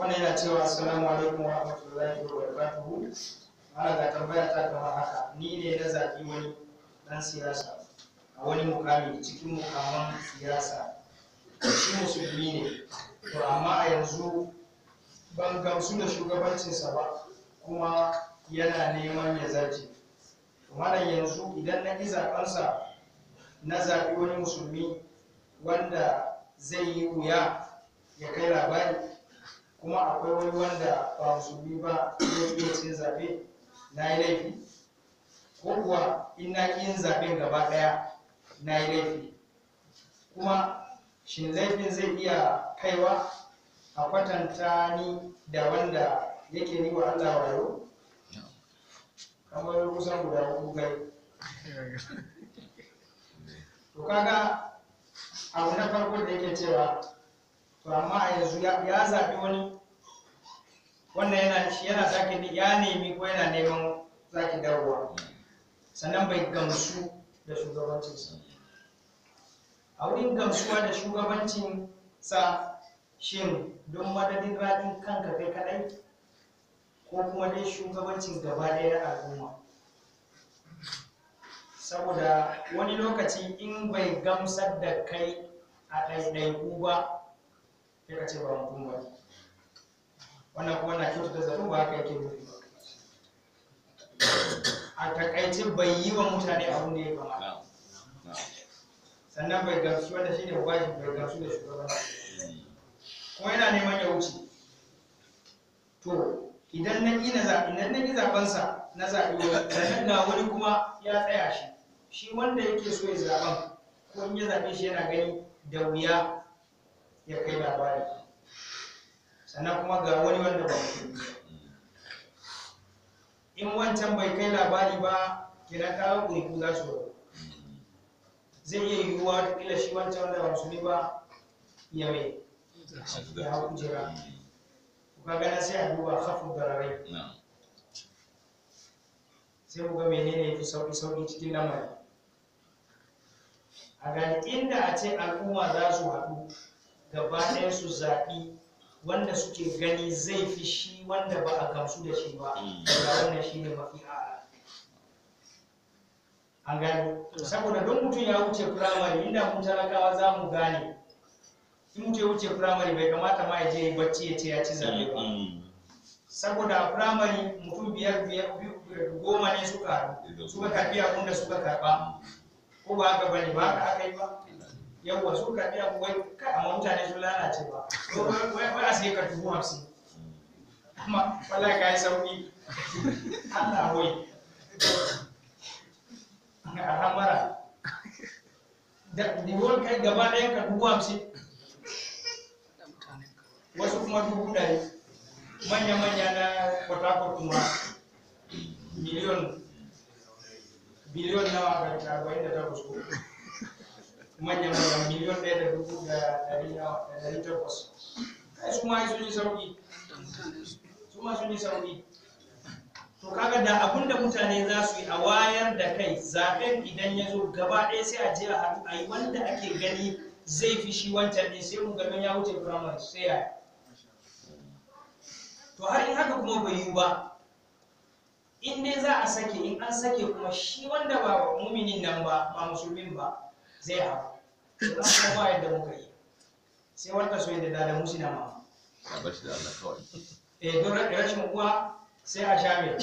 wannan yana cewa assalamu alaikum wa rahmatullahi wa barakatuhu ana da tambaya ta kama haka ni ne na zaɓi wani ɗan siyasa a wani mukami cikin mukaman siyasa shi musulmi ne to amma a yanzu ban gamsu da shugabancinsa ba kuma yana neman ya zarce wannan yanzu idan na ƙi zaɓensa na zaɓi wani musulmi wanda zai yi wuya ya kai labari kuma akwai wani wanda ba su musulmi ba lokacin zaɓe na yi laifi ko kuwa ina yin zaɓen gaba ɗaya na yi laifi kuma shin laifin zai iya kaiwa a kwatanta ni da wanda yake ni wa Allah wayo kamar kusan guda uku kai to kaga abu na farko da yake cewa to amma a yanzu ya zaɓi wani wannan yana yana sake ya nemi ko yana neman zaki dawowa sannan bai gamsu da shugabancinsa a wurin gamsuwa da shugabancin sa shin don madadin raɗin kanka kai kaɗai ko kuma dai shugabancin gaba ɗaya al'umma saboda wani lokaci in bai gamsar da kai a ɗaiɗaiku ba sai ka ce ba mutum ba wannan kuma na kyautata zato ba haka yake nufi ba a takaice bai yi wa mutane abin da ya kamata sannan bai gamsu wanda shi ne wajibi bai gamsu da shugaban hmm. kuma yana neman ya wuce to idan na ƙi na zaɓi idan na ƙi zaɓensa na zaɓi wani ga wani kuma ya tsaya shi shi wanda yake so ya zaɓen ko in ya zaɓe shi yana gani da wuya ya kai labari sannan kuma ga wani wanda ba mutum in wancan bai kai labari ba kenan kawo ƙuri'u za su rabu zai iya yiwuwa ta ƙila shi wancan wanda ba su ne ba ya mai ya hau kujera kuka gana sai a duba hafu gararai sai mu menene ya fi sauƙi sauƙi cikin lamarin a gani inda a ce al'umma za su haɗu gaba su zaɓi wanda suke gani zai fi shi wanda ba a gamsu da shi ba da hmm. wannan shi ne mafi a an saboda don mutum ya wuce firamare inda mun talakawa za mu gane in mutum ya wuce firamare bai kamata ma ya je bacci ya ce ya ci zaɓe ba hmm, hmm. saboda firamare mutum biyar biyar goma ne suka suka karbi abin da suka karɓa, ko ba haka bane ba haka aka yi ba yawwa su karɓi abu wai kai amma mutane sun lalace ba wai a sai ka dubu hamsin amma wala ka yi sauki Allah wai a hamara da dubuwan kai gaba ɗaya ka dubu hamsin wasu kuma dubu ɗari manya-manya na kwatakwa kuma miliyon biliyon nawa ga 48 manyan miliyon ɗaya da dubu da ɗari takwas kai su ma sun yi sauki su sun yi sauki to kaga da abin da mutane za su yi a wayar da kai zaben idan ya zo gaba ɗaya sai a je a haɗu a yi wanda ake gani zai fi shi wancan ne sai mu gaban ya wuce firamare sai ya to har in haka kuma bai yi ba in dai za a sake in an sake kuma shi wanda ba muminin nan ba ba musulmin ba zai hau kuma kuma ba yadda muka yi sai wani kaso yadda da musu na ma a bar shi da Allah kawai eh don rashin uwa sai a sha mai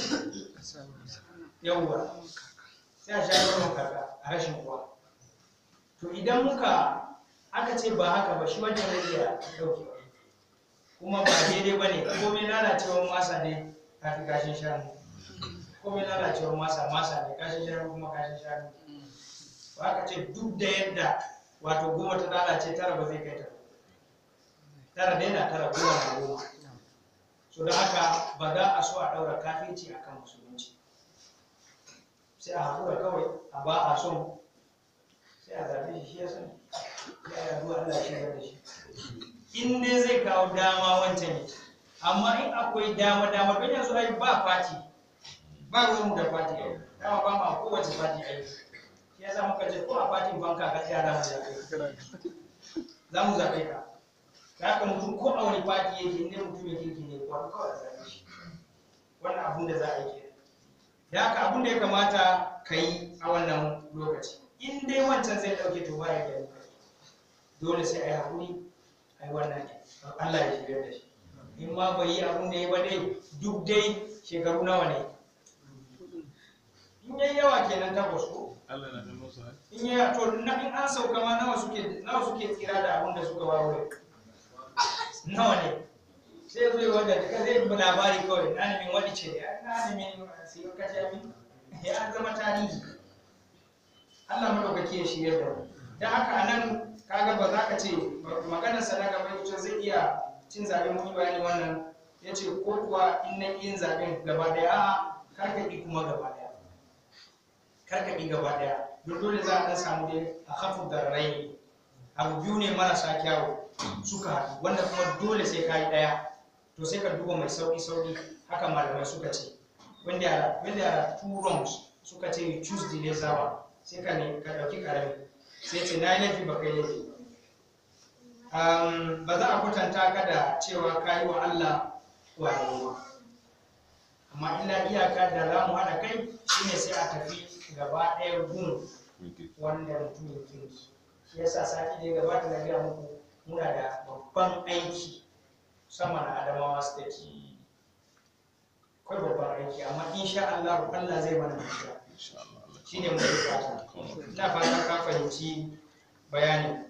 yawwa sai a sha yawan kaka a rashin uwa to idan muka aka ce ba haka ba shi wajen zai iya ɗauke kuma ba daidai ba ne komai lalacewar masa ne kafin kashin shanu komai lalacewar masa masa ne kashin shanu kuma kashin shanu ba aka ce duk da yadda wato goma ta ce tara ba zai kai ta tara na tara goma na goma so da haka ba za a so a ɗaura kafinci a kan musulunci sai a haƙura kawai a ba a son sai a zaɓe shi shi ya sani ya yaduwa Allah shi da shi in dai zai kawo dama wancan ne amma in akwai dama dama don yanzu ai ba fati ba ruwan da fati ai dama ba ma kowace fati ai ya sa ka ce ko a fatin banka ga yara mu zaɓe za mu zaɓe ka da ka mutum ko a wani fati yake ne mutum ya kirki ne ko kawai zaɓe shi wannan abin da za a yi kenan da ka abin da ya kamata ka yi a wannan lokaci in dai wancan zai ɗauke to ba ya gani dole sai a yi haƙuri a yi wannan Allah ya shirya da shi in ma bai yi abin da ya ba dai duk dai shekaru nawa ne in yayi yawa kenan takwas ko Allah na dan musu eh. in yaya to na in an sauka ma nawa suke nawa suke tsira da abin da suka wawo nawa ne sai zai wanda da ka zai bi labari kawai na min wani ce ya na min sai ka ce min ya zama tarihi Allah madaukake shi ya dawo dan haka anan kaga ba za ka ce maganar sadaka bai wuce zai iya cin zaben mun bayani wannan yace ko kuwa in nan yin zaben gaba daya a'a kar ka ki kuma gaba kar ka bi gaba daya don dole za a dan samu dai a hafu da rai abu biyu ne marasa kyawu suka haɗu wanda kuma dole sai ka yi ɗaya. to sai ka duba mai sauki sauki haka malamai suka ce when there are, two wrongs suka ce you choose the lesser one sai ka ne ka dauki karami sai ce na yi laifi ba kai laifi ba za a kwatanta ka da cewa ka yi wa Allah wa ba amma illa iyaka da za mu haɗa kai shi ne sai a tafi gaba ɗaya gun wanda mutumin kirki shi yasa sati da ya gabata na gaya muku muna da babban aiki sama na adamawa su take kai babban aiki amma insha Allah Allah zai mana Shi ne mu fata ina fata ka fahimci bayani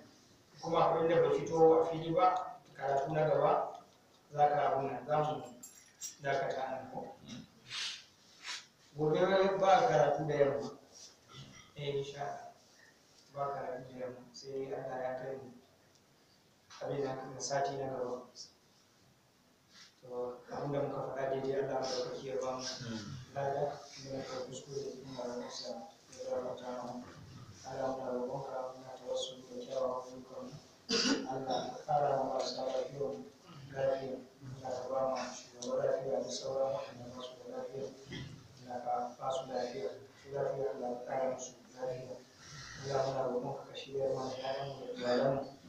kuma akwai da bai fito a fili ba karatu na gaba za ka abu na za mu Da ka ta ko gobe ba karatu da yamma eh insha ba karatu da yamma sai Allah ya kai mu abin da sati na gaba to abin da muka faɗa daidai Allah da ɗaukaki ya ba mu lada da na kuskure da kuma wani sa ya zama mu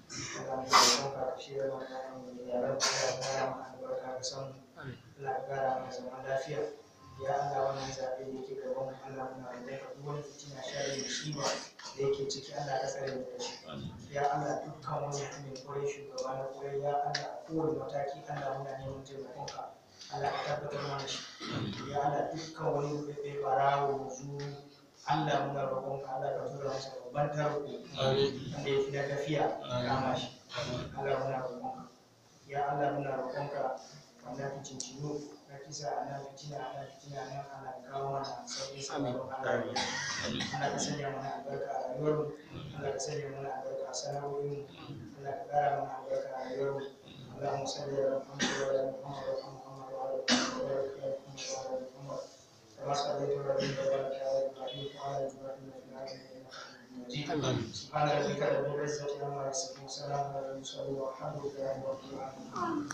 ya Allah wannan zaɓe da yake gaban Allah muna roƙon ka duk wani fitina sharri da shi ba da yake ciki Allah ka tsare mu shi ya Allah dukkan wani na ya Allah mataki Allah muna neman tabbatar mana shi ya Allah dukkan wani barawo zuru Allah muna roƙon ka Allah ka tura masa babban tarko ya fi na tafiya kama shi Allah muna roƙon ka ya Allah ka na kisa a nan fitina a nan fitina nan ana kawo mana sauƙi sabon alaƙa Allah ka sanya mana albarka a rayuwarmu Allah ka sanya mana albarka a sana'o'inmu Allah ka ƙara mana albarka a rayuwarmu Allahumma salli ala Muhammad wa ala Muhammad wa ala Muhammad wa ala Muhammad wa ala Muhammad سبحان ربك رب العزة عما يصفون سلام على المرسلين والحمد لله رب العالمين